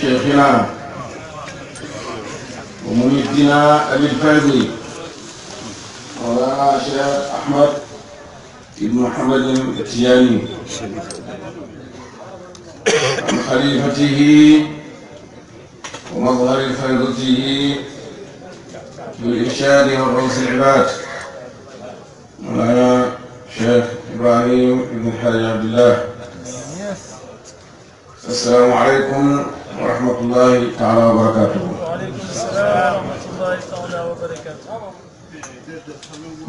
شيخنا ومريدنا أبي الفازي مولانا شيخ أحمد بن محمد التجاني عن خليفته ومظهر فيضته بالإرشاد والرؤوس العباد مولانا شيخ إبراهيم بن حاج عبد الله السلام عليكم ورحمة الله تعالى وبركاته وعليكم السلام ورحمة الله تعالى وبركاته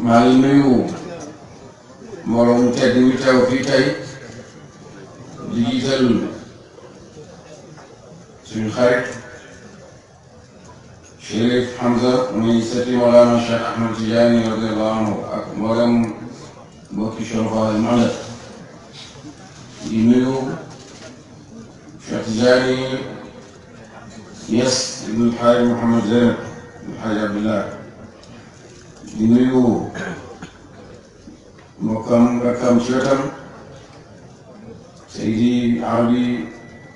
مع المعلم مرحوم تدمي توفيقي ديجيتال سن خارج شريف حمزة من ستي مولانا الشيخ أحمد جياني رضي الله عنه مرحوم بوكي شرفة المعلم دي نيو شيخ جياني Yes, Ibn Al-Haj Muhammad Zainab, Al-Haj Abdullah. di nuyu mbokkam rakkam ci wetam Seydi Arabi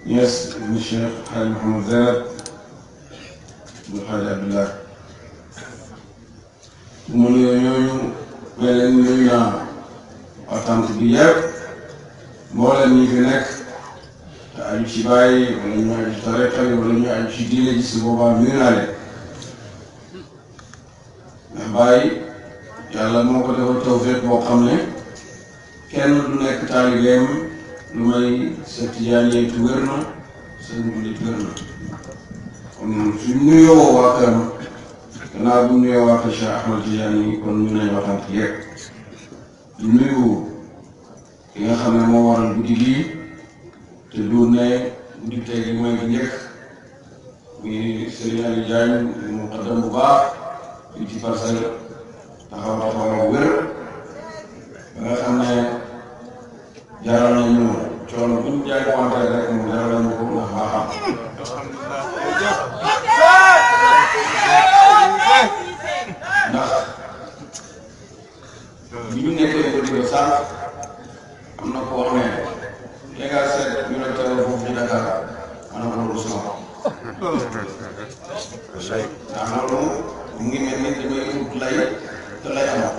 Niass ibn Cheikh Haj Mohamed Zainab ibn Haj Abdullah bu mu nuyoo ñooñu mel leen nuyu naa attente bi yëpp mboolem ñi fi nekk aju ci bàyyi wala ñu aju ci tariqa yi wala aju ci diine ji boobaa nuyu naa leen ndax bàyyi moo ko defal tawfiq boo xam ne kenn du nekk taalibeem lu may sa tijaan yeeg wér na sa njulit wér na kon suñ nuyoo waa këram gannaaw bu nuyoo waa kër Cheikh Ahmad Tijaan yi kon ñu nañ waxante yegg nuyu ki nga xam ne moo waral guddi gii te du ne dicté mooy bu njëkk muy Serigne Aliou Diagne mu xaddam bu baax fii ci parcelle taxaw taxaw wér ba nga xam ne jaral nañu coono ñu jaay wante rek mu jaral nañu ko ndax baaxam ndax bi ñu nekkee ko di ko sànq am na ko wax ne sama bopp. mu ngi mel ni damay ut lay te lay amaat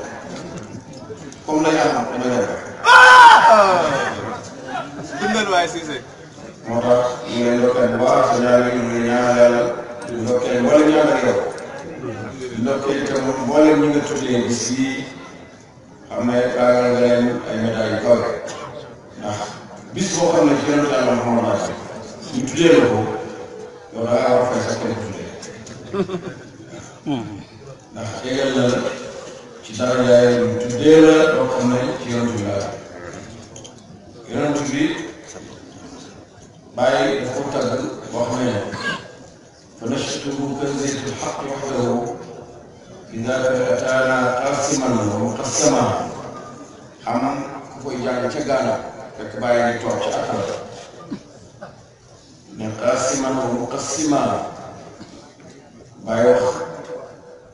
comme lay amaat damay lay def. dundal waay Cissé. moo tax ñu ngi leen dokkeel bu baax te ñaareel ñu ngi ñaanal yàlla dokkeel wala ñaanal yow. dokkeel itam mboolem ñu nga tuddee bis yi xam ne taagal nga leen ay médailles yu kawe ndax bis boo xam ne ci gën a tànn xam ñu tuddee la ko yow da ngaa a fay sax kenn tuddee ndax hmm. tegal na la ci dara yaay ñu tuddee la loo xam ne ci yonent bi laa yonent bi bàyyi dafa ko tàggal boo xam ne fa nashtuhu kanzaytu l-haqq wahdahu bidaaka ataana qasiman wa muqassama xam ku koy jàng ca Gaana fekk bàyyi di toog ca Atala muqasiman wa muqasiman bàyyi wax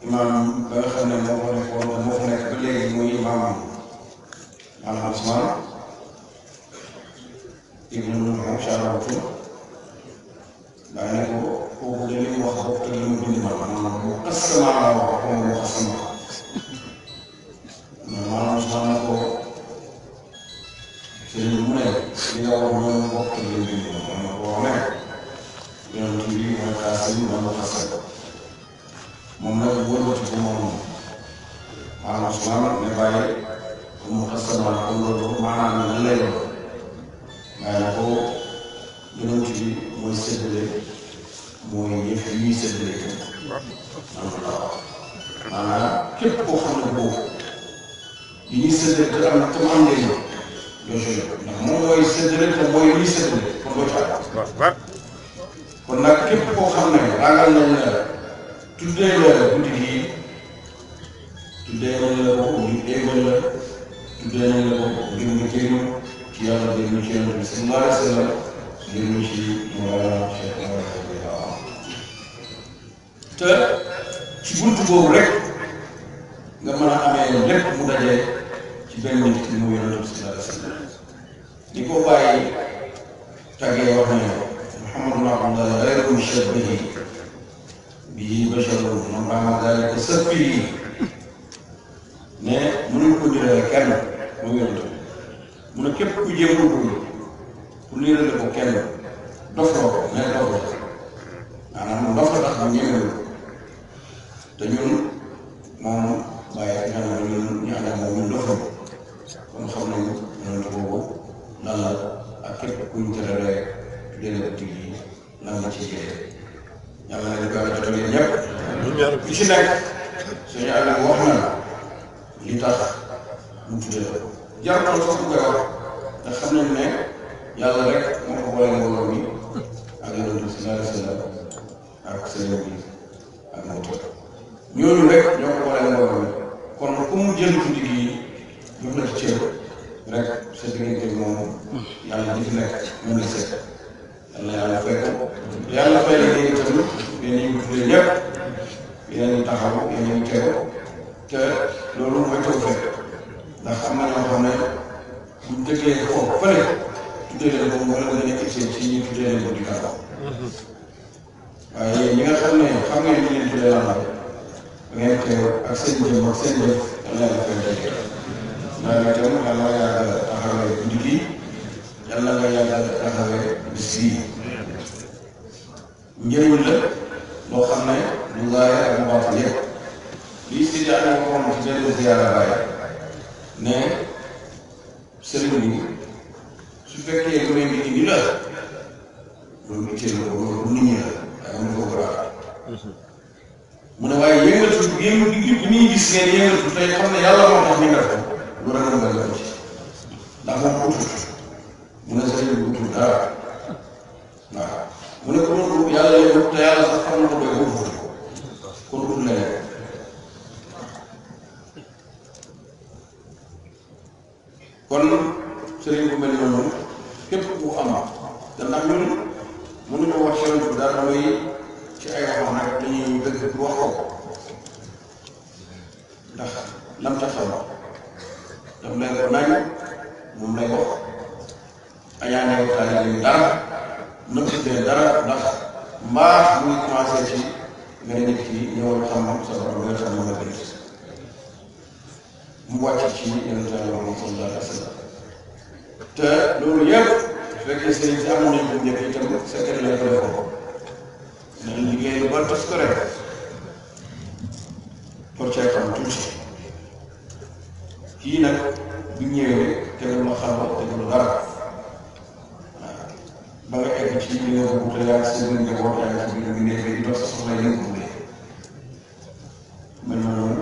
imaam ba nga xam ne moo ko nekkoon moo ko nekk ba léegi muy imaamam maanaam Usmaan ibnu Masha Allah jox la ci cër rek moom yàlla li fi nekk moom la seet yàlla yàlla fay ko yàlla fay la yéen itam yéen ñu tuddee ñëpp yéen ñu taxaw yéen te loolu mooy taw fekk ndax am na ñoo xam ne buñ ci ci ñi tuddee leen ko di taxaw waaye ñi nga xam ne xam ngeen ni leen tuddee la da ngeen teew ak seen jëm ak seen jëf yàlla yàlla fay waaye itam yàlla nga yàgg taxawee guddi gi yàlla loo xam ne du gaaya ak mbaatu yëpp si di amee ko moom ci ziyaara bàyyi ne sëriñ bi su fekkee lu mel ni la loolu itteel la loolu bu nit ñi la waaye mu ko gëlaat mu ne waaye yëngatu yëngatu bi muy gis ngeen yëngatu tey xam ne yàlla moo tax ñu lu ragal nga def ci mu ne sëriñ bi wutul mu ne ko doon yàlla lay wut te yàlla sax xam na ko doy wutut kon wut leneen kon sëriñ bu mel noonu képp ku am danaa ñun wax sëriñ bi dara mooy ci ay wax nag dañuy dëgg wax ko ndax lam tax daf lay ko nañ moom lay ko añaanee taalibe dara nëbbutee dara ndax mbaax muy commencé ci nga ne nit ki ñëwal xam-xam sa borom nga xam nga gën mu wàcc ci yeneen taalibe moom sallallahu alayhi wa sallam te loolu yëpp ko njëkk liggéey lu bon tas ko rek pour cee xam tuuti kii nag bu ñëwee tegal ma xam tegal dara ba nga egg ci li nga wut yaa sa gën nga woo yaa sa gën nga nekk di dox sa soxla yëngu bu dee man ma noonu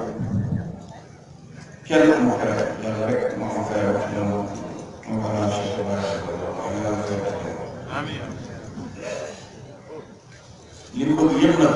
kenn mu xew yàlla rek ma am xew wax na moom ma ko naan sa ba sa ba ma nga am xew li mu bëgg yëpp nag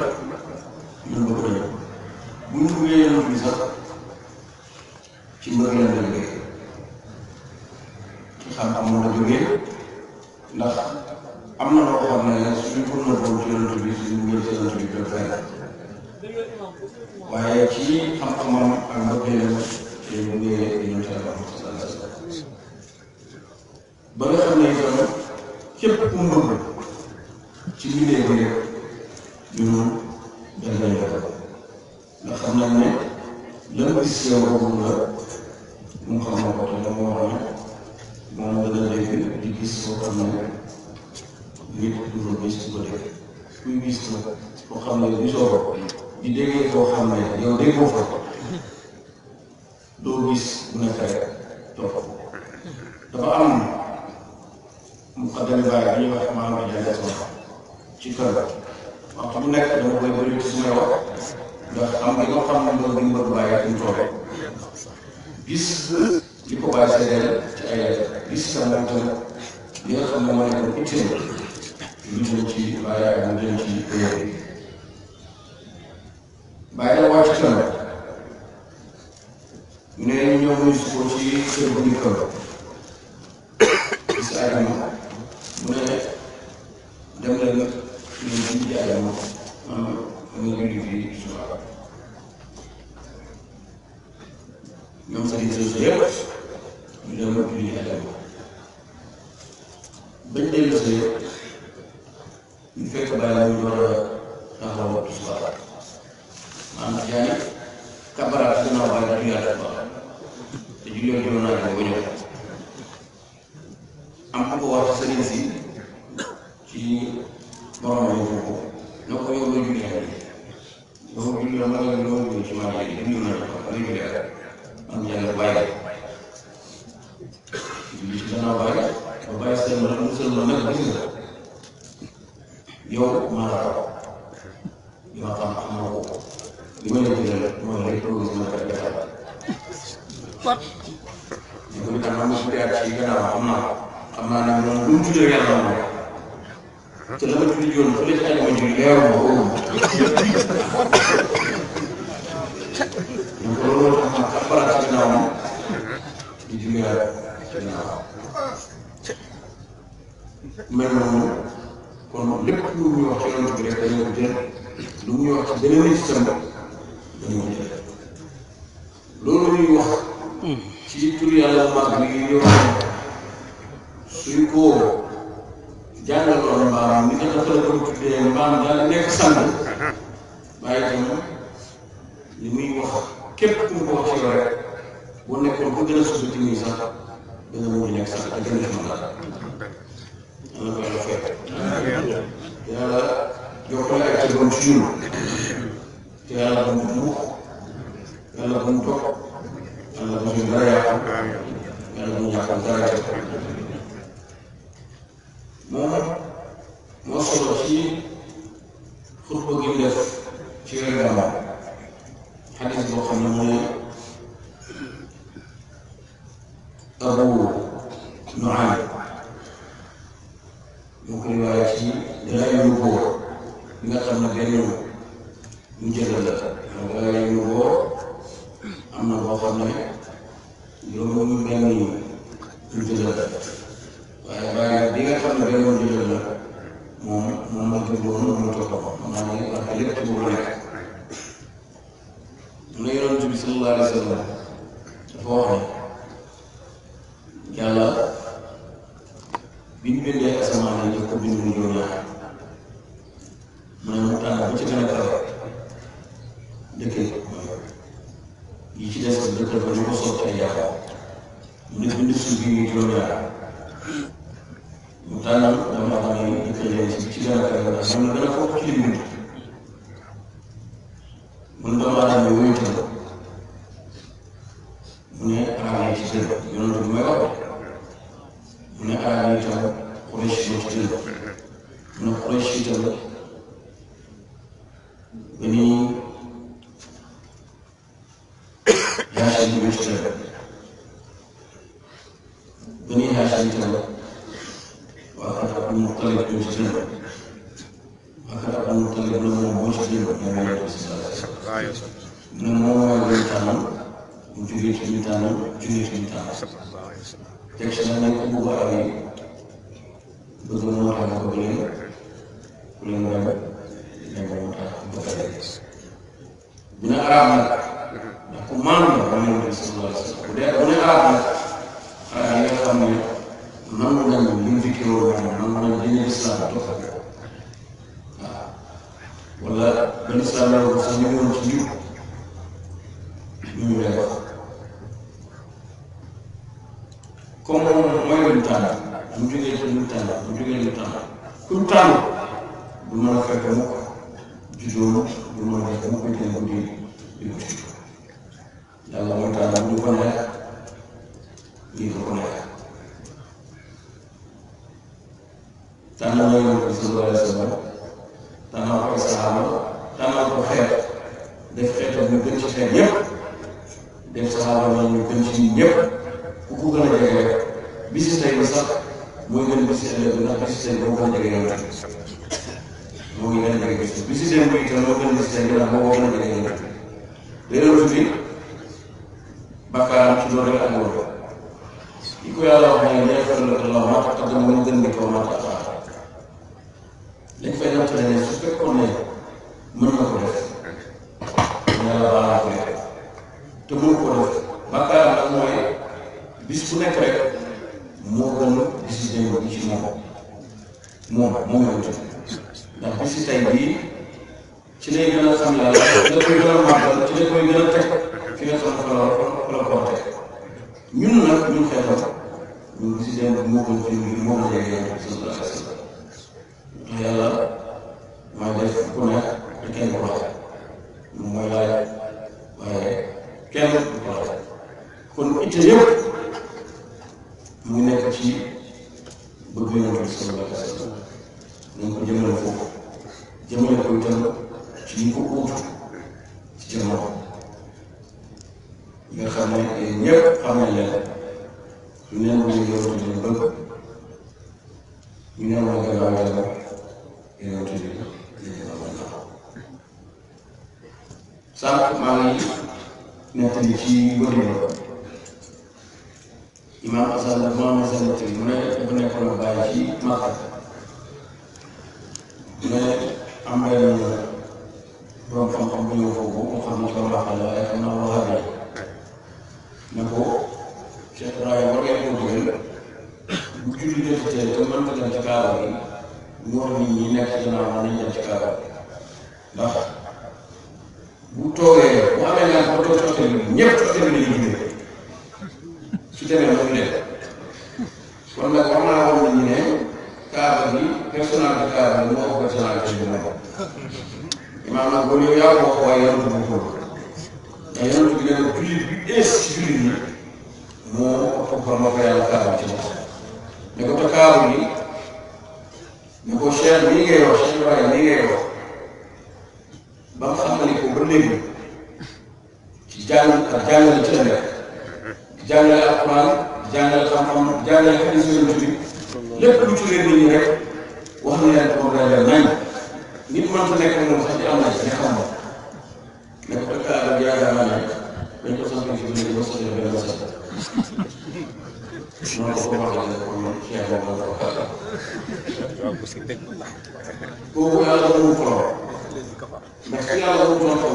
musulman nag gis la yow mën a raw dina xam am na ko li ma la gis la mooy rek loolu dina kat defal ñu ko itam am su jaar ci gannaaw xam naa xam naa ne moom bu mu tuddee yàlla moom te la ma tudd yoon fa la ci àjjuma ji leeru ma wóoru ma donc loolu moo tax ma xabaar ci gannaaw moom di julli gannaaw mel noonu kon lépp lu ñuy wax ci yonent bi rek dañoo jël lu ñuy wax ci beneen système dañoo jël loolu ñuy suñ ko jàngaloon mbaam ni nga dafa la ko tuddee mbaam daal nekk sànn bàyyi tam li muy wax képp mu ko wax ci yow rek boo nekkoon ko gën a suusu ci sax danga mën a nekk sax ak gën a xam dara ñu ko yàlla fekk yàlla jokkale ak ci bon ci ñun te yàlla ba mu tuux yàlla ba mu topp yàlla ba ñu dara yàqu yàlla ba mu ñàkkal dara jëf moom moo solo ci xutba gi def ci weer gàmmu xadis boo xam ne mooy abu nuaay ñu ko riwaayee ci layu boo bi nga xam ne benn ñu jëlal la ndax layu boo am na boo xam ne juróom benn ñu jëlal la waaye bàyyi bi nga xam ne benn ñu jëlal la moom moom ma gën doon mu toog ko maanaam ñu wax lépp ci boobu nekk mu ne yonent bi sallallahu alayhi wa sallam dafa wax ne yàlla bi ñu bindee asamaan yi ñu ko bind mu ñëw ñaar mu ne mu tànn bu ci gën a kawe dëkkee yi ci des dëkk ba ñu ko sotti ay jàppoo mu ne bind suuf yi juróom ñaar mu tànnal dama xam ne dëkk leen ci ci gën a kawe ndax ñoom la gën a foog ci li bind ci lay gën a xam yàlla ci la koy gën a màggal ci la koy gën a teg fi nga xam fa la fa la koo teg ñun nag ñun xeetam ñun système bi moo ko jënd moo ko jënd yàlla ci la xas yàlla maa def ku nekk te kenn ko laaj mooy laaj waaye kenn du ko laaj kon itte yëpp mu nekk ci bëgg yonent bi sallallahu alayhi wa sallam nañ ko jëmale foofu jëmale ko itam ci ñi ko uuf ci jamono yi nga xam ne ñëpp xam nañ leen ñu ne moom la yow tudd bëgg ñu ne la gannaaw yàlla yow tudd sànq maa ngi nettali ci góorgóorlu Imaam Assane dafa maa mos a nettali mu ne dafa nekkoon bàyyi ci Makka mu ne am benn borom xam-xam bu ñëw foofu mu xam ne loolu baax na waaye xam naa loo xam ne ko Cheikh Ibrahima war ngeen ko dugal bu julli jotee te mën nga dem ci kaaba bi ñu wax nit ñi nekk ci ginnaaw mën nañ dem ci kaaba bi ndax bu toogee bu amee ñaar ba toog ci côté bi ñëpp ci côté bi lañuy julli su demee noonu leen kon nag war naa wax nit ñi ne kaaba bi personnalité kaaba bi moo ko personnalité bi imaam nag boobu yow yaa ko wax waaye yonent bi ko mais yonent bi gën a jullit bi ees ci jullit yi moo ëppoon ma ko yàlla kaaral ci moom ne ko te kaaru gi ne ko Cheikh nii ngay wax Cheikh Ibrahima nii ngay wax ba nga xamali ko ba léegi ci jàng ak jàngale ci la nekk jàngale alquran jàngale xam-xam jàngale xadiis yonent bi lépp lu ci réer nit ñi rek wax na leen ko moom laa jar nañ nit mën fa nekk moom sax di am laaj ne xam nga ne ko dëkk Adam yaakaar naa ne dañ ko sant ci biir ba sant benn ba sant maa ko wax la ne ko man Cheikh moom la ko kooku yàlla mu ko ndax yàlla mu ko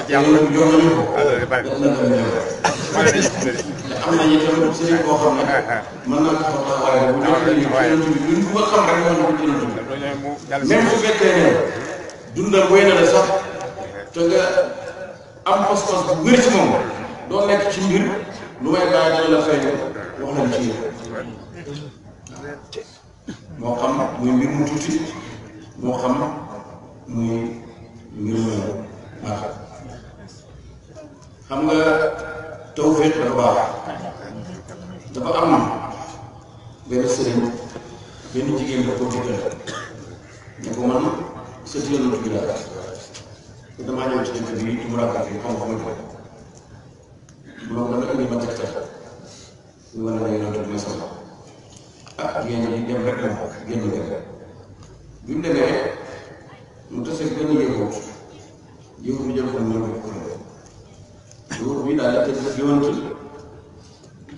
am na ñeneen sëriñ boo xam ne mën na taxaw taxawaay bu ñu ko xam rek mën na ko jënd même bu fekkee ne dundal wéy na la sax te nga am pas-pas bu wér ci moom doo nekk ci mbir lu may bàyyi dana la fay wax nañ ci moo xam muy mbir mu tuuti moo xam muy mbir mu baax xam nga tawfiq dafa baax dafa am benn sëriñ benn jigéen la ko digal ne ko man sëti yoonu bi laa te damaa ñëw ci dëkk bi mu rakkaat yi xam xamul ko mu ne ko dama indi ma tegtal ñu war a ngay yoonu bi sama ah génn yi dem rek la génn dem bi mu demee mu tase benn yëngu yëngu bi jël ko mu ko jour bi daal di def yonent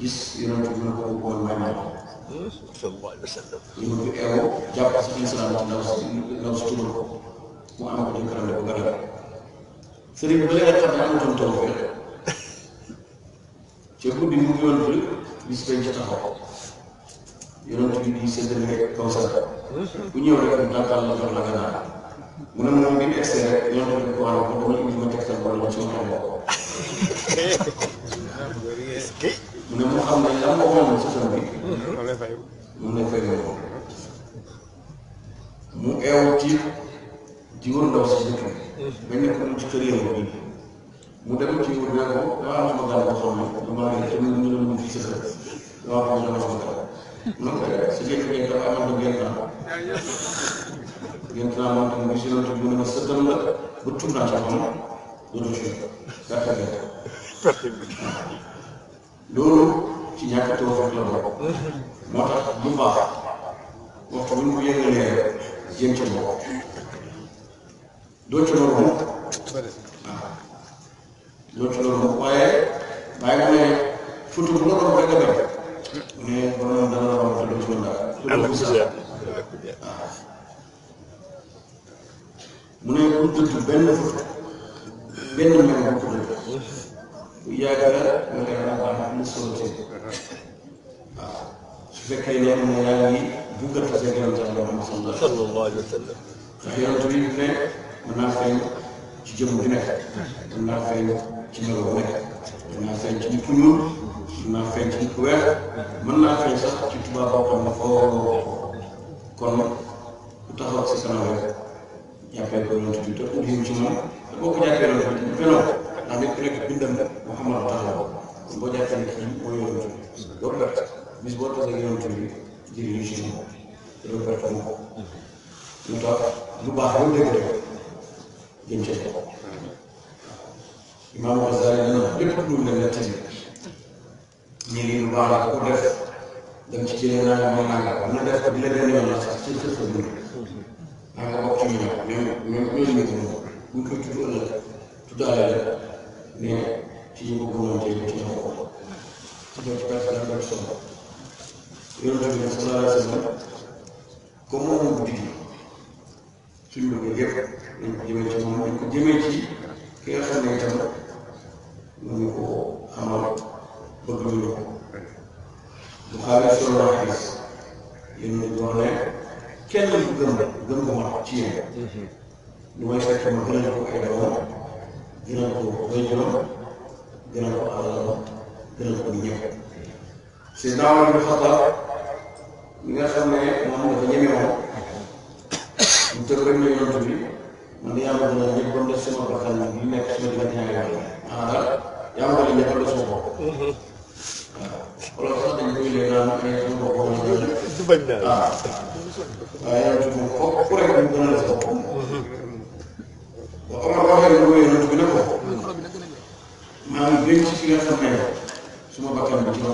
gis yonent bi nga ko bool may may ko. yonent bi jàpp si ci islam ndaw si ndaw si tudd ko mu am ko jëkkëram ne ko gënal. sëriñ bi ba ne amutoon taw bi ci guddi mu ngi yonent bi bis taxaw yonent bi di séddale rek kaw sa bu ñëw rek mu tàkkal la jox la gànnaar mu ne moom bi mu egsi rek yonent bi ko wax ko dama indi ma tegtal wala ma ci ma xam mu ne mu xam ne lan nga waxoon ci sëñ bi. mu ne fay woo. mu eew ci jiwoon ndaw si dëkk bi. bañ ko ci kër yow bi. mu dem ci wut ne ko damaa am gan boo xam ne damaa ne kenn ñu ne mu ci sëñ bi damaa xam ne dama xam ne. donc si dëkk bi dafa amoon na gént naa. gént naa moom tamit si la tudd mu ne ma sëddal la ba tudd naa ci xam dootu ci loolu ci ñàkk tawfeex la bokk. moo tax bu baax waxtu bu ñu ko yëngalee rek jéem loolu moom loolu waaye.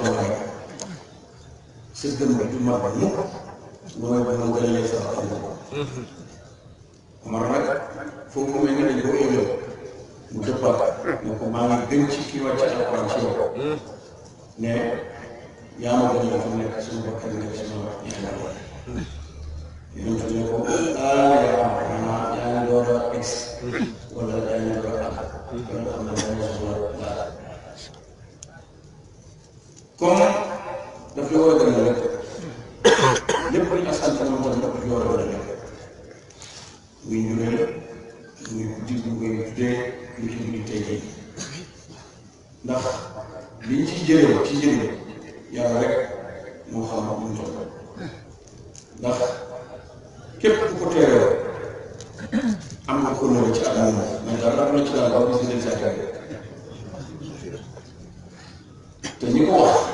moo lay sa gëm nga du mat mukk lu may ba mu gën a sa nga ko Omar nag foofu mel ni dañ ko éoloo mu dëppaat maa ngi gën ci kii wàcc alquran ci yow ne yaa ma gën a fa nekk suñu bakkan nga ci ma ñaanal la yonent ne ko ah yaa ma xanaa a ex wala yaa a am wala am na benn kon daf la war a gën a rek lépp lu ñu asantal moo daf la war a gën a rek muy ñu muy guddi bu koy tuddee ñu ci guddi tey tey yàlla rek moo xam mu toll ndax képp ku ko teeroo am na kóllëre ci àll moom man daal am na ci daal ba mu si leen sa te ñi wax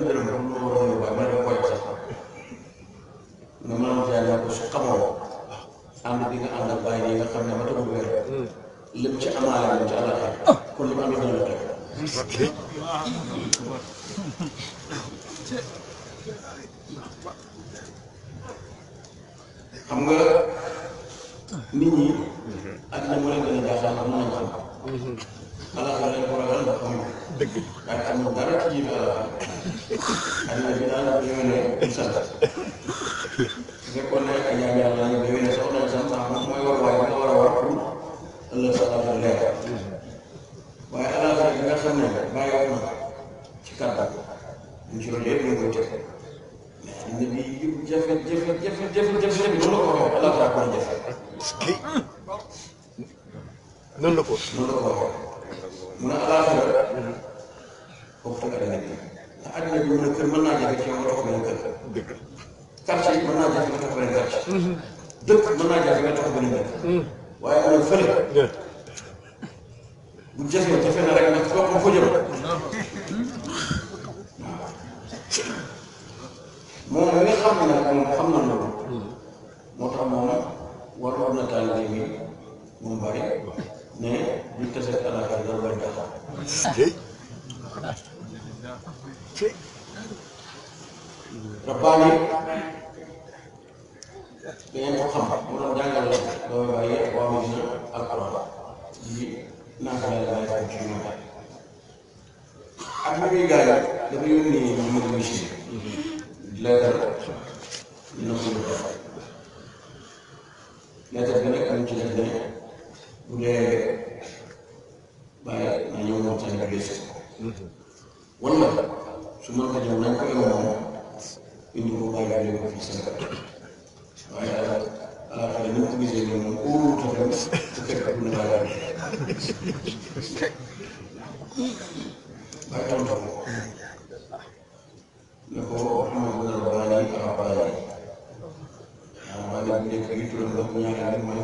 benn dërëm rek mu waroon yóbbaale ma ne ma koy sax nga maam Diagne yaa ko su xamoo ànd bi nga ànd ak bàyyi yi nga xam ne ma tëbul weer ci amaale moom ci àll kon li ma am dana la xew. xam nga nit mu leen alaxira dañ ko ragal ndax amuñu dëgg ak am dara ci jiitu euh, alaxira adduna bi daal ñëw ne ñu sant su fekkoon ne ay jaam yàlla ñu déwé ne soxla sant ndax moom mooy war waaye nga war a war pour ëllëg sa alaxira leer waaye alaxira bi nga xam ne bàyyi woon ci kàddu ñu ci lépp ñu koy teg mais bi jafe jafe jafe jafe jafe bi noonu la ko waxee alaxira ko jafe noonu la ko noonu la ko waxee mun a alaaxira foofu la nekk ndax àddina bi mën a kër mën naa jafe ci yow nga tax kër. dëgg la quartier naa jafe nga tax benn quartier. Mhm. dëkk mën naa jafe nga tax benn dëkk. Mhm. waaye am na fële. bu jafe jafe na rek nag foo ko fa jëm. xam ne moom xam mhm. moo tax moom waroon na taalibe bi moom bari. ne buñ tase ak alaakaar dara bañ taxaw. rabbaani dangeen ko xam mu doon jàngal la dooy bàyyi waa Madina ak alxuraan yi naka la laay bàyyi ci ñu ak nag yu gars yi dafa yónni Mamadou Bichri leetar dina ko def leetar bi nag am ci def ne bu dee bàyyi ma ñëw moom sax su ma ko ñëw nañ ko yow moom indi ko bàyyi leen ko fii seen waaye alaaka mu ko gisee nii moom óorul ko dem su fekk bu ne bàyyi bàyyi tontu ko ne ko xamal ko la bàyyi ak bàyyi waaw bàyyi bu nekk bi turam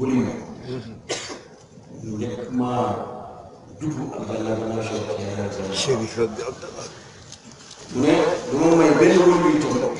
wuli na nekk maa jublu Abdallah bin Cheikh Cheikh Abdallah mu ne du ma may benn wóor yuy toog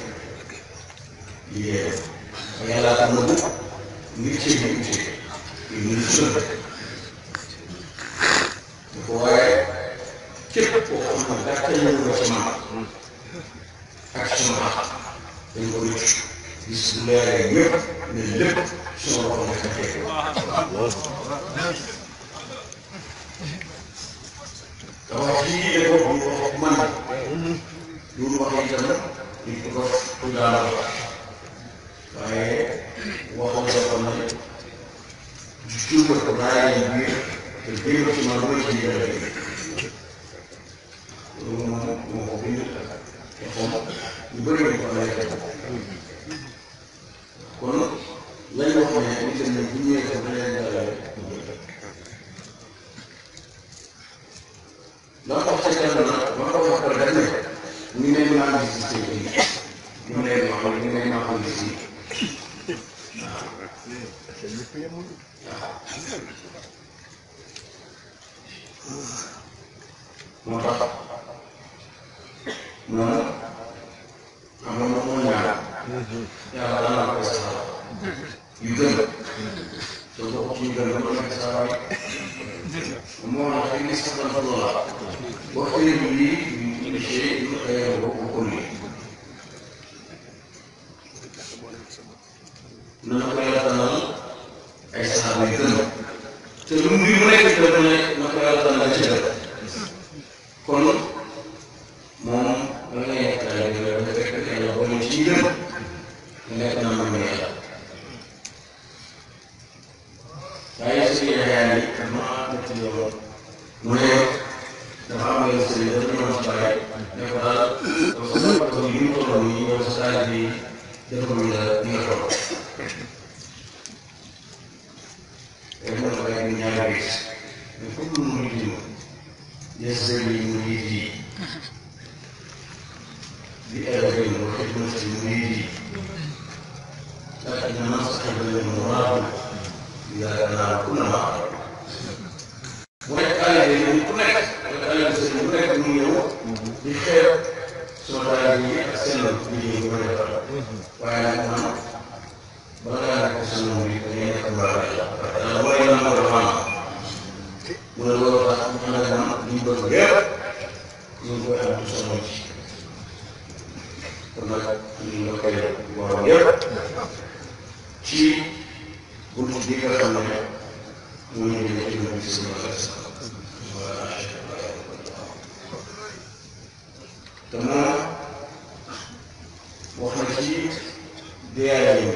بآبائنا وخدمة المريد لقد نصحب المراد إذا أنا كل ما أردت وكان يمكنك وكان يمكنك من يوم بخير سوداني أحسن به ويقرأ وعلى محمد بلغك سنو بكريمك بارك الله وإلى مرحبا ولو رحمنا لنا من بلغك من بلغك سنوك kon nag ñu ngi koy def moroom yëpp ci buntu bi nga xam ne mu ngi leen di leen gis nga te moom wax na ci déyaay yi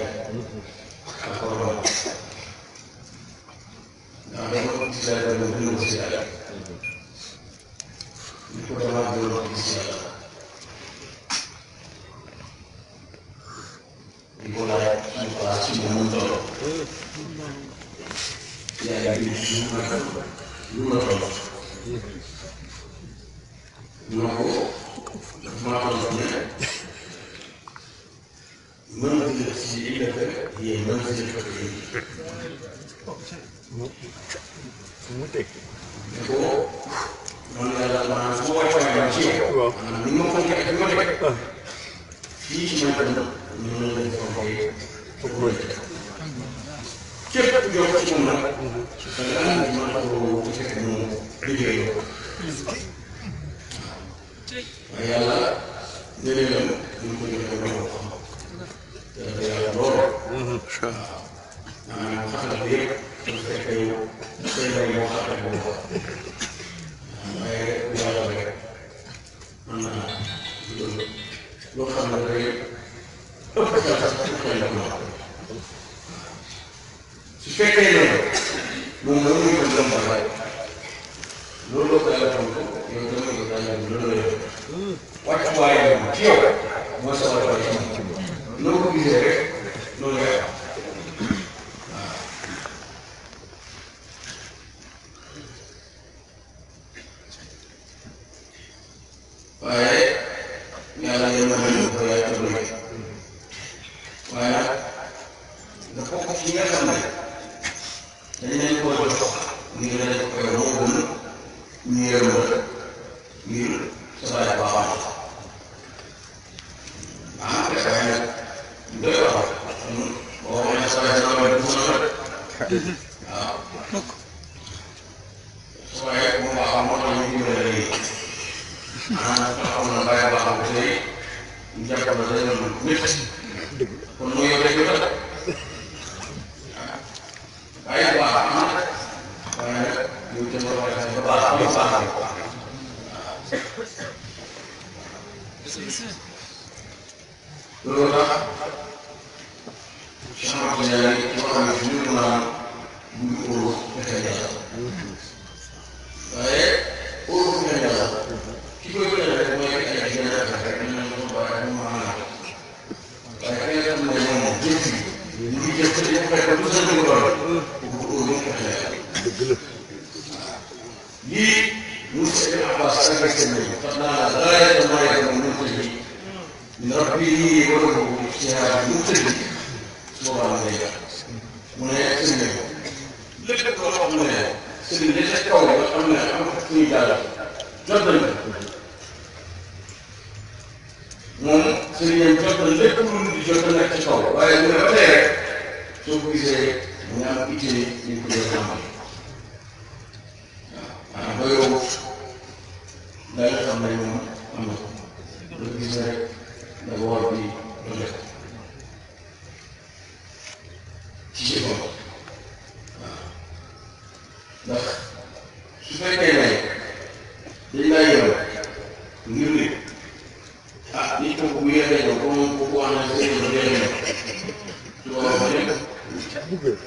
bugou.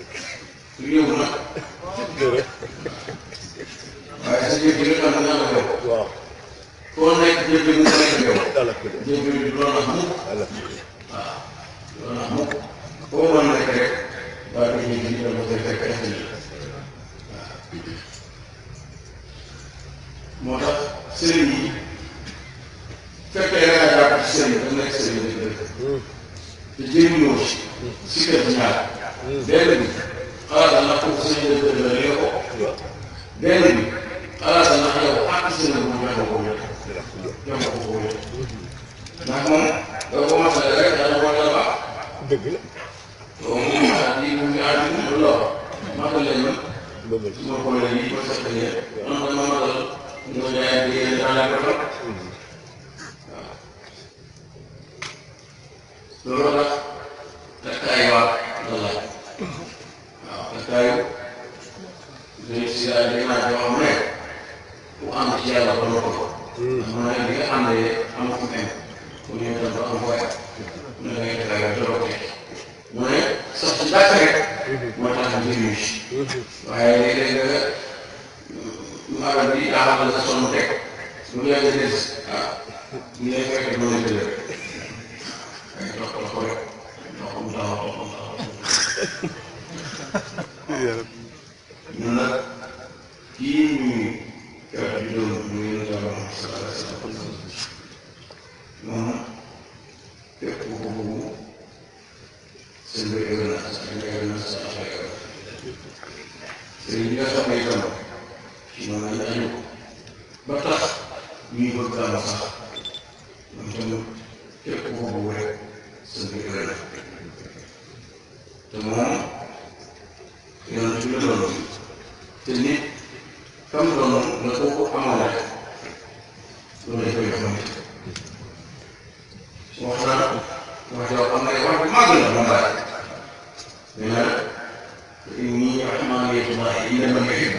rahmatullah yi ne man ma yëg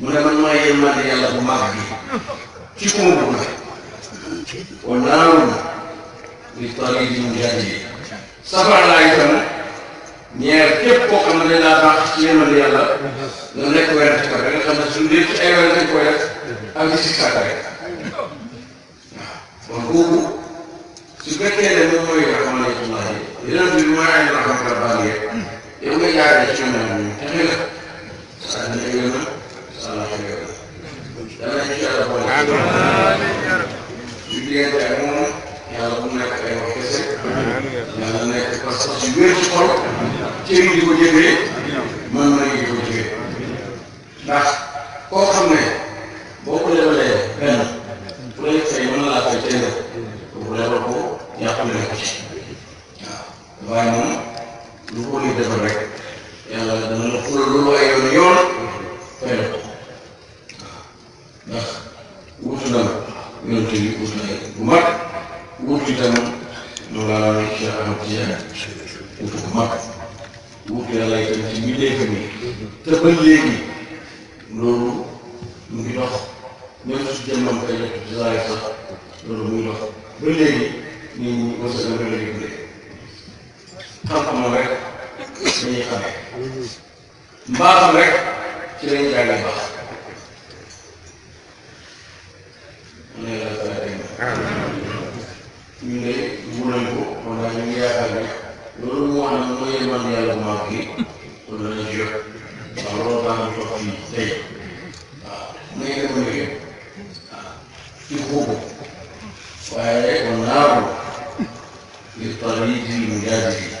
mu ne man maa yërmande yàlla bu mag bi ci ku mu bëgg wa naaru li tariqi mujahid safar laa itam ñeer képp koo xam ne dañ laa baax ci yërmande yàlla nga nekk werante ko da nga xam ne suñ dee ci ay werante ko def ak ci sàkkare waaw kon kooku su fekkee ne moom mooy rahmatullah yi yeneen bi mooy ay rahmat rabbaani yow nga jaaree ci ñoom ñu tëjee la sa dina yëngu na sa loxo yëngu na yàlla ci yàlla boole. ñu ci wér ci xol cër yi di ko jëndee mën mën yi di ko jëndee ndax koo xam ne boo ko lebalee benn bu lay fay mën na laa fay téeméer bu lebal ko yàqu na ko ci waaw waaye ko nit defal rek yàlla dana la xulal loolu ay yoon yoon fay la ko ndax wutu na yonent yi wutu na bu mag wutu itam loolaa Cheikh Ahmad Tidiane wutu bu mag wutu yàlla itam ci mbindeef mi te ba léegi loolu mu ngi dox même su jëmmam koy jot ci saa sax loolu mu ngi dox ba léegi nit ñi mos a gën a léegi xam-xam rek. la ñuy xamee mbaaxam rek ci la ñuy jàngee baax ñu ne la dana dem ñu ne mënuñ ko kon daal ñu ngi yaakaar ne loolu moo xam ne mooy yërmande yàlla bu mag gi kon dana jot waaw loolu baax na toog fii tey waaw muy dem mu jógee waaw ci xuubu waaye kon naaru li toll yi di mu jaajëfee.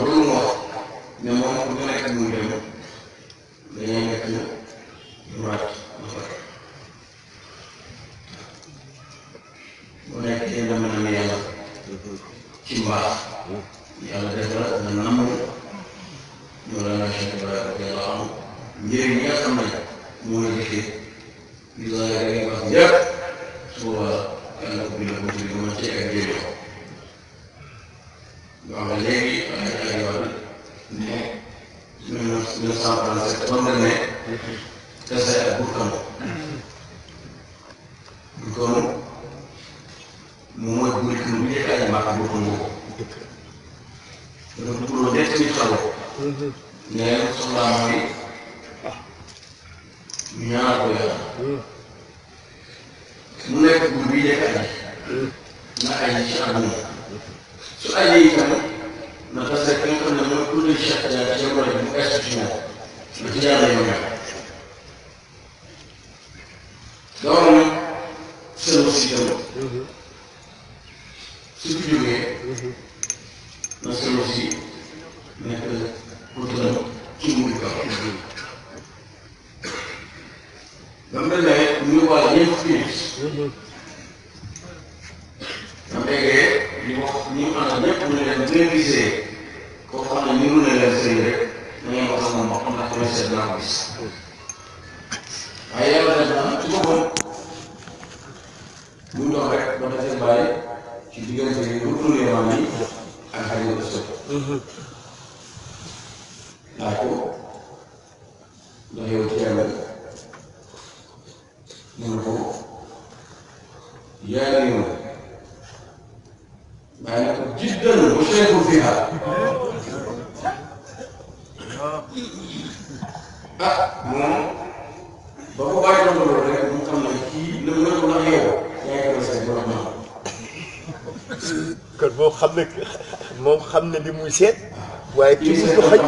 gis ko xaj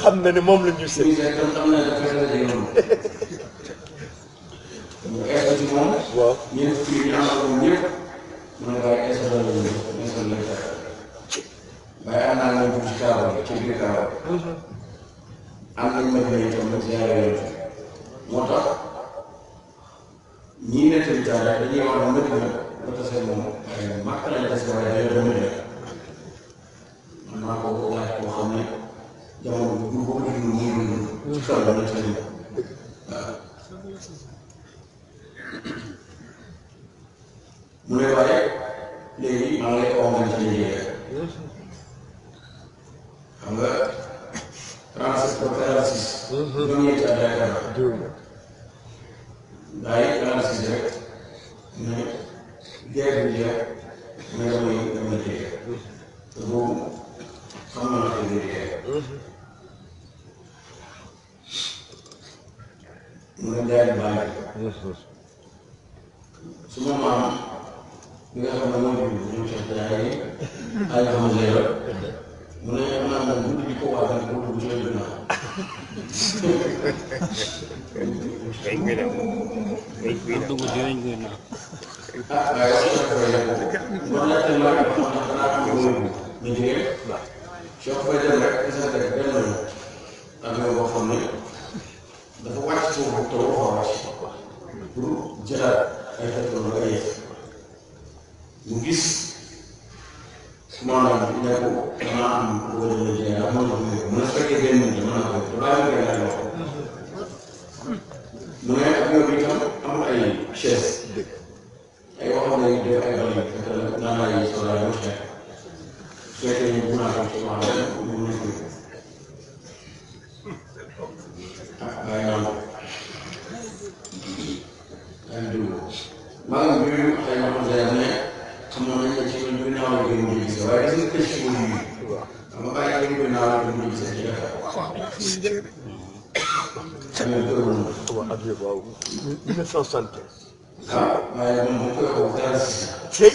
xam na ne moom la ñu seet. waaw. waaye am naa la ci Kaaba ci biir Kaaba. am nañ ma gën itam nag ziare moo tax ñii ne tamit dañuy wax ne mënti na ba tase moom màkk lañ tase waaye dañoo dem mënti man maa ko jamono bi bu ko defee mu ngi waaw mu ne waaye léegi maa ngi lay organiser xam nga 36 ba 36. ñoom ñetti at yaakaar naa. yi 36 rek ne guerre bi jeex ne damay damay jeex te boobu xam naa ne mu ne Ndiaye Mbaye. su ma maam bi nga xam ne moom la ñu ñëw ca Ndiaye yi ay am zéro mu ne am naa moom bu ko waa rek mu dugg ci naa. dañ koy def dañ koy def dugg dinañ koy naa. ah waaye su ko defee kon laajte maa ngi ko xam ne danaa am lu ñu ñu jógee. waaw soo ko fay dem rek gis nga benn am na boo xam ne. dafa wàcc ci moom te waxoo wàcc pour jëlaat ay xeetu la ay yëf mu gis maanaam ne ko damaa am lu ko defee jëlee ndax moo tax mu ne ko mën a fekkee benn nit mën naa ko te bàyyi ko yàlla wax mu ne avion bi tam amul ay chaise ay waxam ne def ay bali fekk naa laa yi soxlaa yu xeex su fekkee ñu bu naa ko ci waaye nga xam ne dugg ko maanaam bi ñu xëy na xam ne xam nañ ne ci ñu naaw la gën a gis waaye dañu ko ci woon yi xam nga bàyyi ak ñu naaw la gën a gis ci dafa tamit dëgg la waaw 1960 ah waaye moom bu ko waxee dara si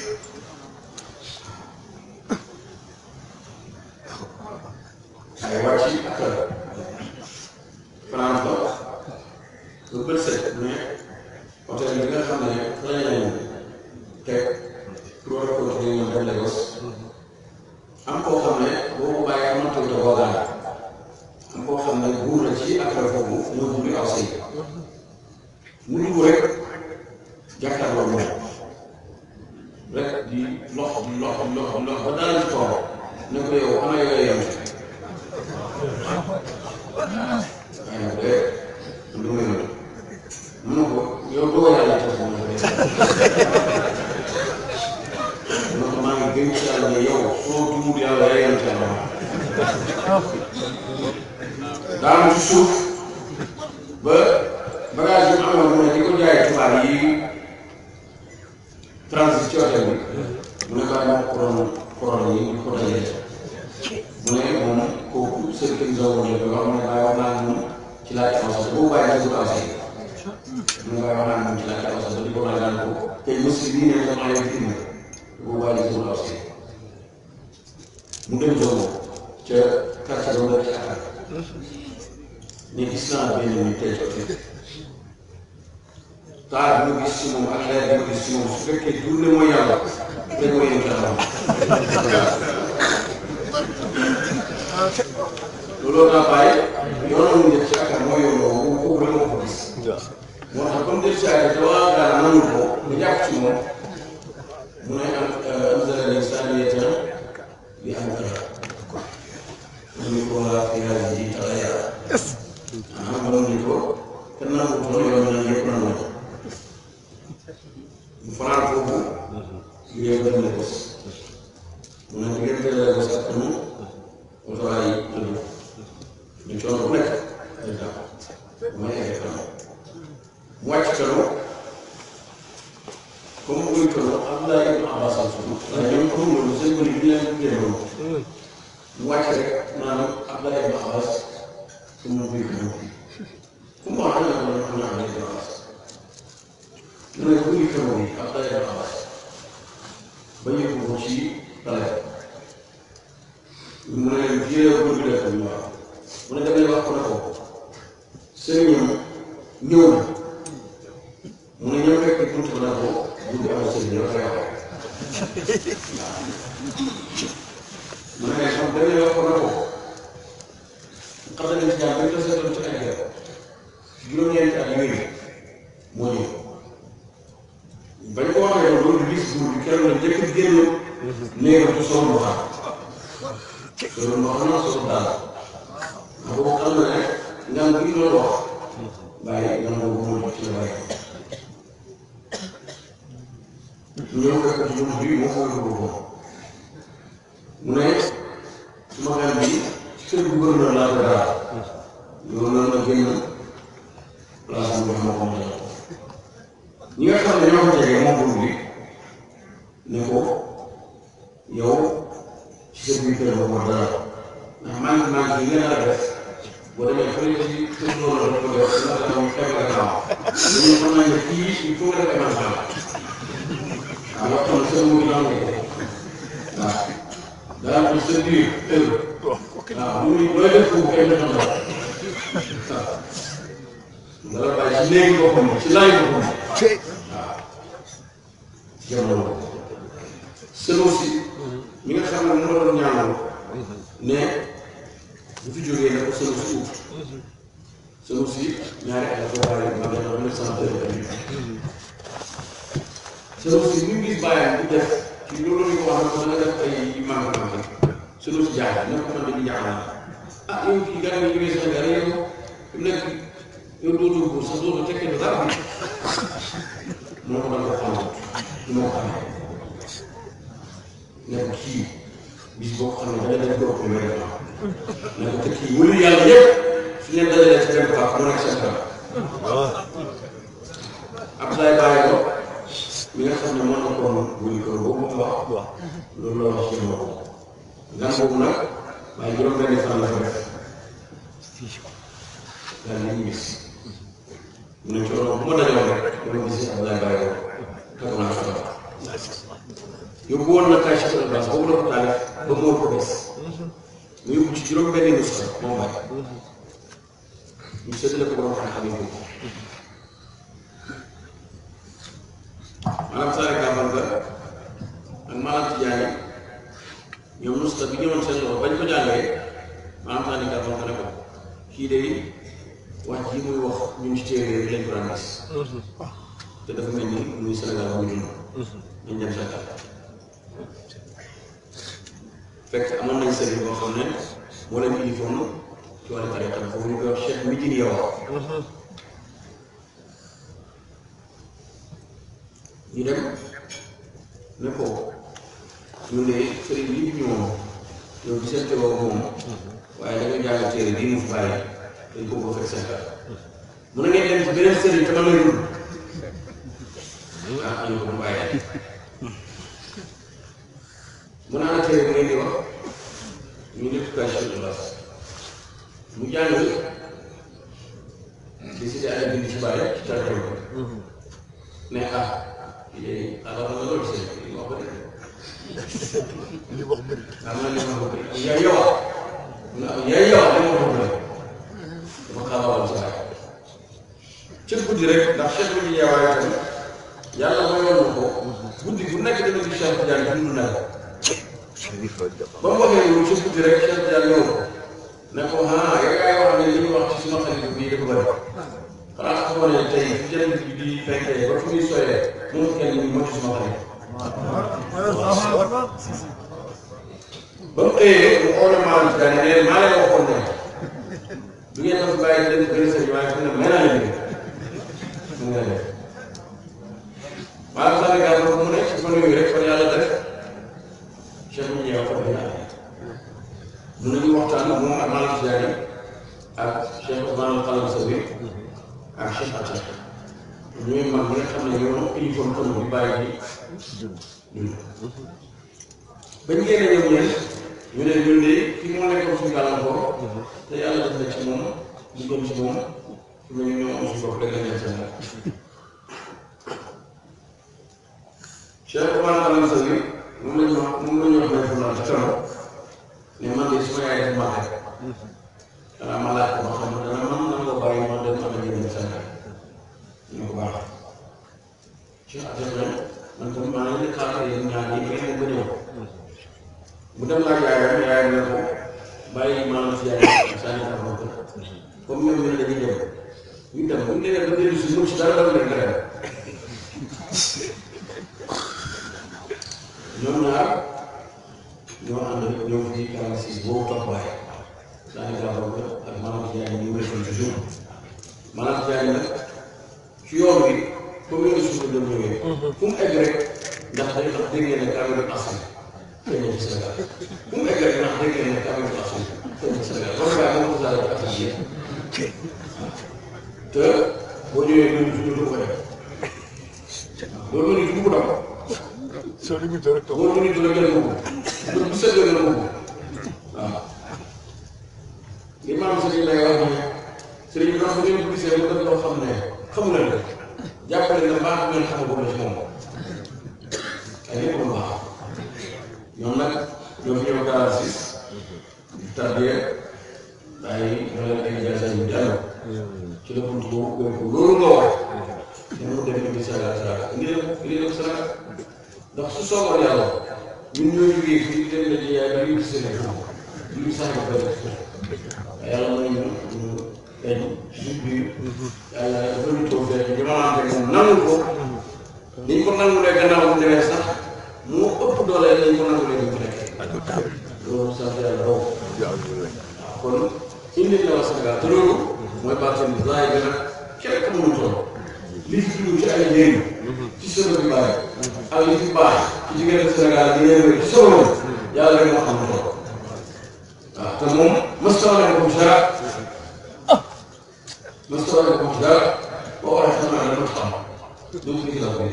koy tono abdoulaye ibn abbas al sun ñoom ko mo lu seen ko li leen dé mo wacc rek manam abdoulaye ibn abbas ko mo koy ko ko mo ana ko ana ibn abbas ñu ko ko duma kii bis boo ko xamee dana def ko ëpp may dama ne ko tëkk yi wëlu yàlla yëpp su leen dajalee ci ko mi nga xam ne mën na koo wëli kër boobu mu wax loolu la wax ci moom lan boobu nag waaye juróom fan la ko def daal nañ gis mu ne coono bu ma dajoo rek dama gis Abdoulaye ko yóbbu woon na Kachif El Bass boobu la ko daal ba mu ko bees mu yóbbu ci juróom-benni nusu moom bari ñu séddale ko borom xam-xam yi boobu maanaam Saare Gambal ba ak maanaam Tijaani ñoom nusu bi ñëwoon seen loxo bañ ko jàngee maanaam Saare Gambal ba ne ko kii de wax muy wax ñun ci téere yi lañ ko daan gis te dafa mel ni muy Sénégal muy dund. ñu dem Sénégal fekk amoon nañ sëriñ boo ci wàllu tariqa foofu ñu koy wax cheikh mijin yow ñu dem ne ko ne sëriñ bi ñu ñëwoon yow di seen teboo moom waaye da nga jàng bii mu fi bàyyi dañ ko bëgg a fekk Sénégal mun na ngeen dem beneen sëriñ te man lay ñu naan ànd ko bàyyi mu naan tey ngeen di wax ñu nekk question de base mu jàng di si ay bind si bàyyi ci tarxew ne ah yéen alors nga loolu si li wax ko li wax bëri am na li ma ko bëri yaa yow yaa yow li ma ko bëri dafa xaawaal sa ci guddi rek ndax chef bi ñu yeewaay tamit yàlla mayoon na ko guddi bu nekk dina ci Cheikh Tidiane dund na ko ba mu waxee loolu ci guddi rek Cheikh Tidiane ñëw ne ko ah yaay wax ne li ñu wax ci suma xarit bii dafa bëri xanaa xamoo ne tey fi jant bi di fekkee ba fu muy soyee mu kenn ñu moo ci suma xarit ba mu xëyee mu xool Malick Dane ne maa leen waxoon ne du ngeen def bàyyi leen gën a sëñ waaye dina mel na leen mu nga def maanaam saa gaa boobu mu ne ma nuyu rek fan yàlla def cheikh mu ñëw fa ñu naan ñu waxtaan moom ak Malick Diagne ak cheikh Ousmane Xalam Sabi ak cheikh Atta ñooy mag ne xam ne ñoo uniforme comme bi bàyyi bi bañ ngeen a ñëw ñu ne ñun de fi moo nekkoon suñu gàllankoor te yàlla def na ci moom ñu gëm ci moom ñu ñoo am suñu bopp dëgg la Cheikh Omar Alioune Sow yi moom la ñu wax moom la ñu wax ne Fulane Thioro ne man de su ma yaay def ko ma xam ne dana man nan nga bàyyi man dem am a jënd sànq ñu ko baax Cheikh Adama man tam maa ngi leen xaaral yéen ñaar yi ngeen ko ñëw bu dem laaj yaayam yaayam ne ko bàyyi maanaam si yaayam sànni ak ma ko comme même ñu dañuy dem ñoom ñaar ñoo ànd ak ñoo fi kàlla siis boobu topp waaye daanaka la bokk ak maanaam jaay ñu wéetal toujours maanaam jaay nag ci yoon bi comme yoonu suuf dem ñëwee fu mu egg rek ndax day tax dégg ngeen ne kaamil asan te ñëw Sénégal fu mu egg rek ndax dégg ngeen ne kaamil asan te ñëw Sénégal kon waaye moom ko saa attaqué te boo ñëwee ñun suñu du ko def loolu nit du ko def soo demee doo rek toog. boo demee doo rek toog bu sëñ bi la ko waaw. li ma am sëñ lay wax ne sëñ bi dafa ngeen ko gisee mu def xam ne xamu leen rek jàppale na baax ngeen xam boobu ci moom ay yëpp lu baax ñoom nag ñoo fi ñëw garaas yi di tardé ay ñoo ay jaay yu jàll ci la buntu boobu loolu nga wax. te mu dem ci sa laata ngir ngir dem sa laata ndax su soogoon yàlla ñun ñoo jógee fii dem na ci yaay bi ñu gis ne du ñu sax ba bëri yàlla mooy ñu ñu dañ ñu biir yàlla bëri ko fee jamaante moom nangu ko dañ ko nangulee gannaaw bu demee sax moo ëpp doole dañ ko nangulee ñu ko nekkee loolu sant yàlla boobu waaw kon indi na la Sénégal te loolu mooy baatam zaay bi nag kenn mënu toll li fi dugg ci ay njëriñ ci solo bi baax ak li ci baax ci diggante Sénégal ak yeneen ci solo moom yàlla rek moo xam lu ko waaw te moom mësutoo la ko ci dara mësutoo la ko ci dara boo waxee xam naa dafa xam du mu gis la ko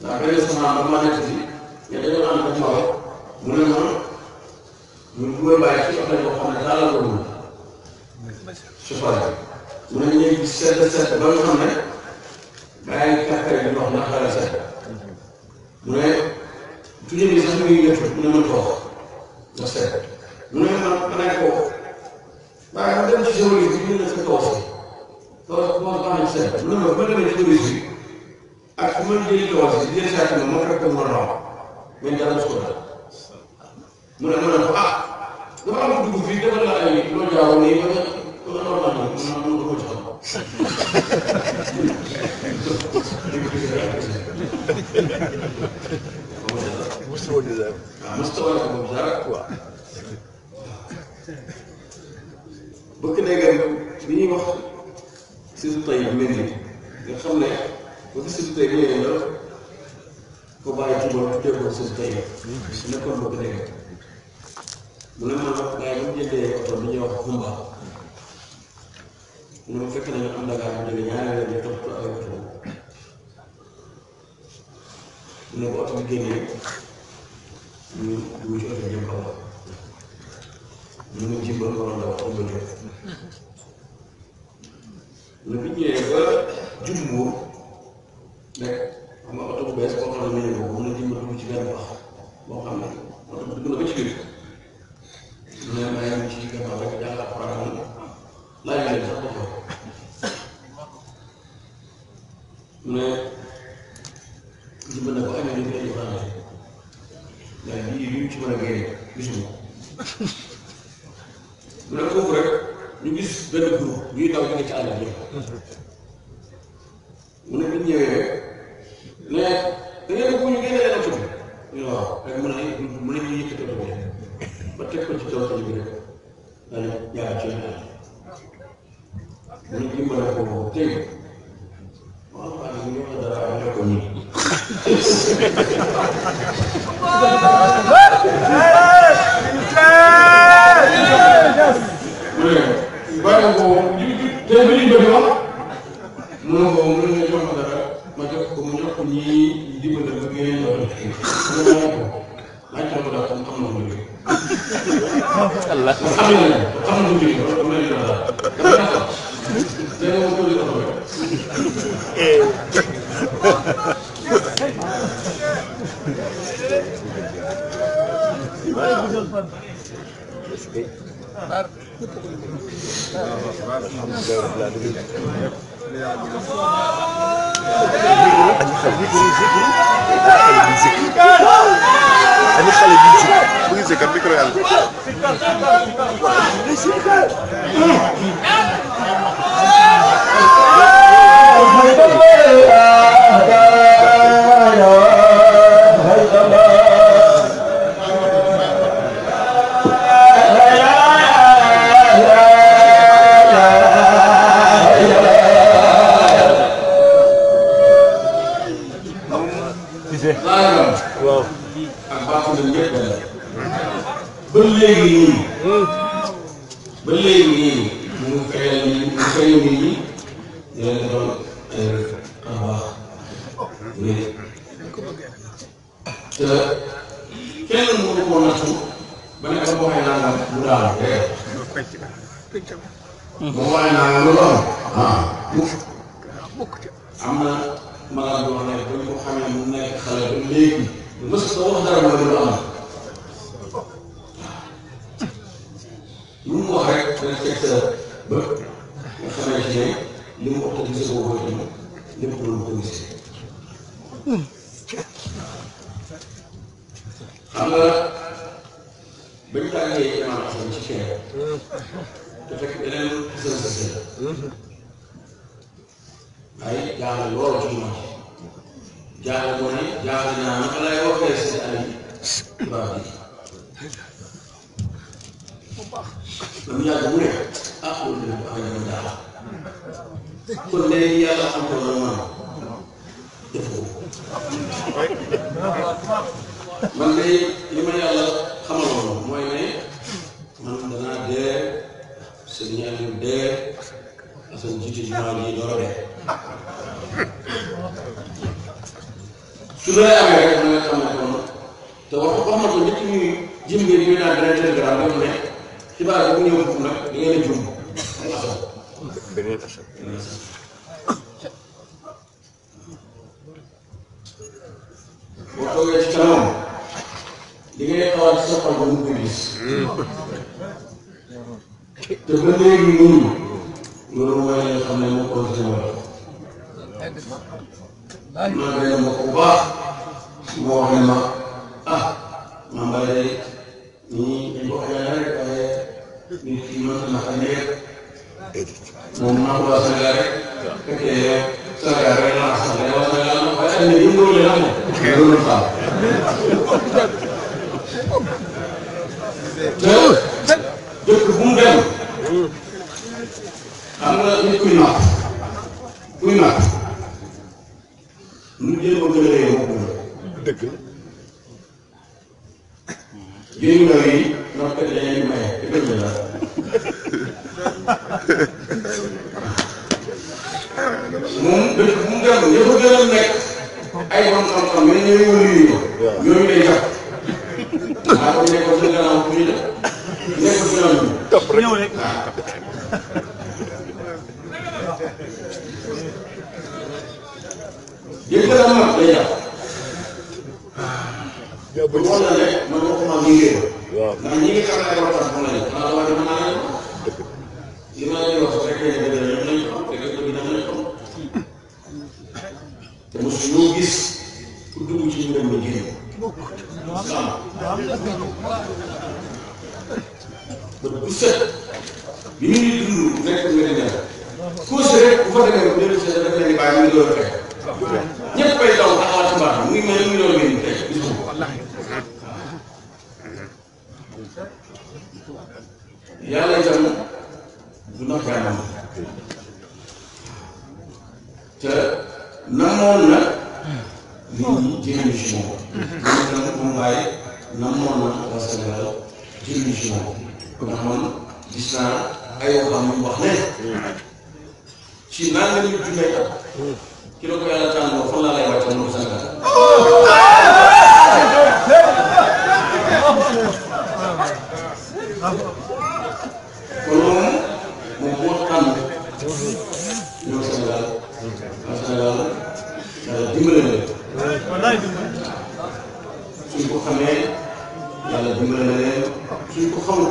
ndax benn semence ba ma nekk ci nga dañoo ànd ak Maodo mu ne ma ñun bu may bàyyi ci wax nañ ko xam ne daal la ko dund su mu ne ñu ngi seet seet ba nga xam ne gaa yi tàkkale bi ndox ndax xala sax mu ne tujur yi sax mu ngi yëngu mu ne mën koo ndax seet mu ne man ma nekk ko waaye ma dem ci géologie bi ñu ne sa kaw si loolu moom xam nañ seet mu ne ma ba demee ci géologie bi ak fu ma jëli kaw si jëli saa ci ma ma fekk ma ndox ma ñu dara su ko dal mu ne ma ne ko ah dafa am dugub fii defal la ay loo jaaw nii ba nga ba nga normal مستوى الجزائر مستوى الجزائر bëgg na nga li ñuy wax surtout tey yu mel nii nga xam ne ba fi surtout tey yooyu la ko bàyyi ci bopp tey ko surtout tey nekkoon bëgg na nga mu ne ma gars yi bu ñu jëndee oto bi ñuy wax xumba ñoom fekk nañu am Dakar mu jóge ñaari weer ñu toppatoo ay oto mu ne bu oto bi génnee ñu ñu ci oto jëm kaw ñu ngi jimbal waroon daw am na jot ñu bi ñëwee ba jub mbuur nekk xam nga xam ne mu na jimbal ci benn wax boo xam ne oto na ba ci biir péncam. bu wane naa loolu am. ah bokk ci. am na malade boo xam ne bu ñu ko xamee mu nekk xale ba léegi. mës nga wax dara mooy loolu am. Ah. lu mu wax rek dana teg sa ba nga xamante ne li mu wax ko gisee boo koy demee lépp loolu ko gisee. xam nga bañ tàngee imaam Asan ci te fekk beneen sensation ay jaaxle lool ci jumaa ji jaaxle moo ne jaaxle naa naka lay waxee si Aliou Ba bi. ba mu yàgg mu ne ah loolu dina ko amee dama jaaxle kon léegi yàlla xam ko la man def ko man de li ma yàlla xamaloon mooy man danaa dee. parce que bi ñu amee dee Assane jiitu jumaa ji door a dee su doon amee rek dina xam ne kon te wax wax ma ko nit ñuy jëm ngeen ñu naan beneen telegram moom ne xibaar bu ñëw foofu nag da ngeen a jum beneen Assane boo toogee ci kanam di ngeen xawaat sa xol ba mu ko gis te ba léegi loolu loolu mooy li nga xam ne moo continué ma ne ma ko bu baax mu wax ne ma ah man ba léegi ñii dañ ko xamee rek waaye nit ki mën na xam ne moom maa ko waa Sénégal rek fekkee yow Sénégal rek laa xam ne waa Sénégal moom waaye am na yëngu loolu la moom loolu faa te dëkk bu mu dem xam nga nit kuy màgg kuy màgg lu jël ko gën a réew dëgg la yéen ndaw yi ndax kat dañuy maye te gën la moom dëkk bu mu gën ña ko gën a nekk ay borom xam-xam mais ñooy wëllu ñooñu day jàpp waaw nekkoon sa gannaaw bu ñu def nekk gannaaw topp rek ñëw rek. yéen dara ma day def. yow bu ñu xool daal rek man waxuma ak ñi ngeen. waaw ndax ñi ngi xam ne ay waxtaan moom la ñu. man waaye dama naa leen. li ma leen wax rek ne dëgg la ñoom lañ ko te dëgg bi dama lañ ko. te mosu ñoo gis ku dugg ci ñu dem ba génn. waaw. ba bu set bi ñu ngi dund nekk nga dem couche rek bu fa demee ba déllu si dafa ni bàyyi mu ngi doon fekk ñëpp bay daw taxawaat ci mbaax mu ngi mel mu ngi doon wéy tey bis boobu yàlla itam na jaanam te namoon na nit ñi jëriñu si moom. moom itam moom waaye namoon na waa Sénégal jëriñu si moom. ndax man gis naa waxam yu wax ci naan la ñuy junne kat ki la ko yàlla tànnoo fan laa lay wàcce mu ko Sénégal kon moom moom moo tànn ñëw Sénégal ndax Sénégal yàlla ko xamee yàlla dimbale na leen ko xamul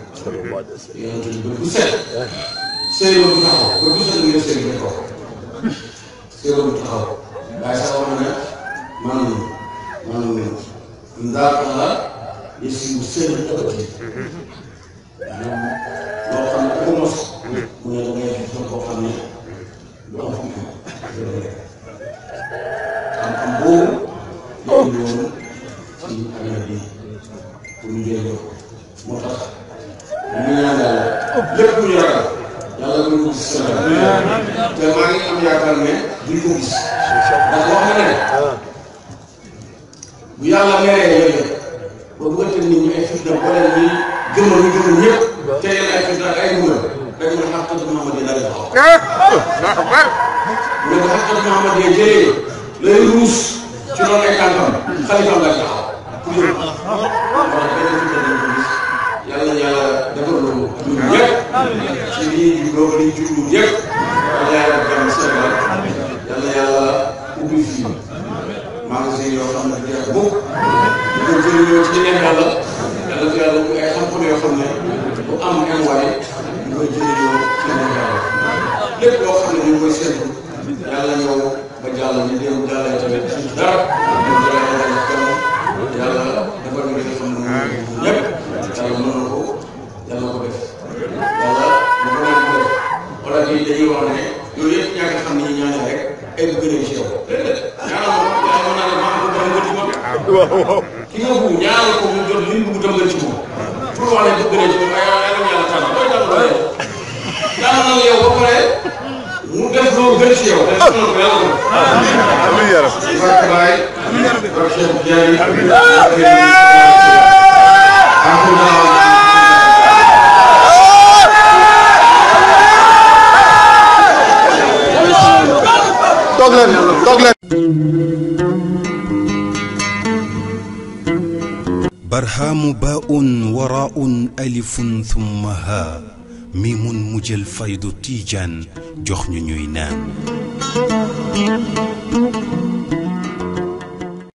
Mustafa Bades. Seri lo ñu taxaw ba gis nga yëf seri ñu taxaw lo ñu taxaw waaye sax wax na ne man man ndax jël faydu tiijaan jox ñu ñuy